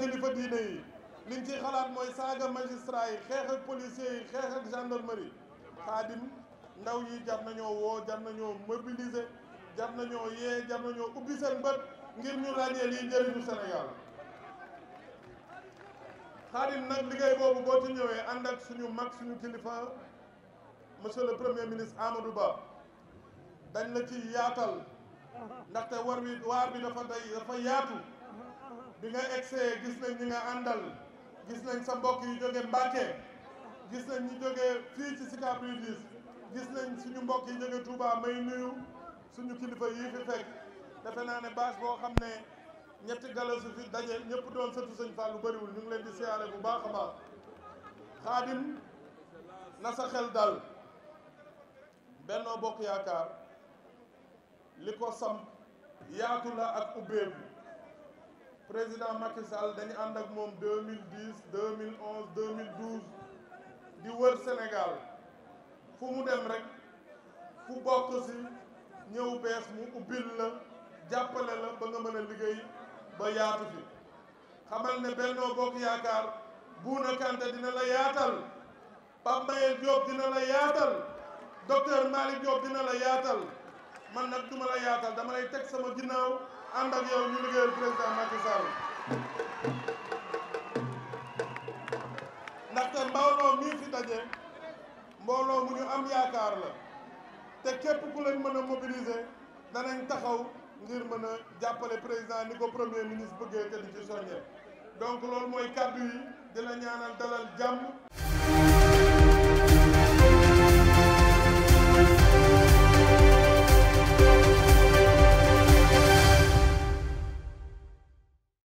kilifa diine yi liñ ciy xalaat mooy saaga magistrat yi xeex ak policiers yi xeex ak gendarmerie xaadim ndaw yi jar nañoo woo jar nañoo mobiliser jar nañoo yee jar nañoo ubbi seen bët ngir ñu ràññee lii njëriñu Sénégal xaadim nag liggéey boobu boo ci ñëwee ànd ak suñu mag suñu kilifa mose le premier ministre Amadou Ba dañ la ci yaatal ndaxte war wi waar bi dafa day dafa yaatu bi nga egsee gis nañ ñi nga àndal gis nañ sa mbokk yi jóge Mbàkke gis nañ ñu jóge fii gis nañ suñu mbokk yi jóge Touba may nuyu suñu kilifa yii fi fekk defe naa ne bâche boo xam ne ñetti galasu fi daje ñëpp doon sëtu sëñ Fall lu bariwul ñu ngi leen di siyaare bu baax a baax xaadim na sa xel dal Benno Bokk Yaakaar li ko samp yaatu la ak ubbeeku président Macky Sall dañu ànd ak moom 2010 2011 2012 di wër Sénégal fu mu dem rek fu bokk si ñëw bees mu ubbil la jàppale la ba nga mën a liggéey ba yaatu fi xamal ne Benno Bokk Yaakaar Bouna Kanté dina la yaatal Pape Maye Diop dina la yaatal docteur Malick Diop dina la yaatal man nag duma la yaatal dama lay teg sama ginnaaw ànd ak yow ñu liggéeyal président Macky Sall ndaxte mbooloo mii fi daje mbooloo mu ñu am yaakaar la te képp ku leen mën a mobiliser danañ taxaw ngir mën a jàppale président ni ko premier ministre bëggee te di ci soññee donc loolu mooy kàddu yi di ñaanal dalal jàmm.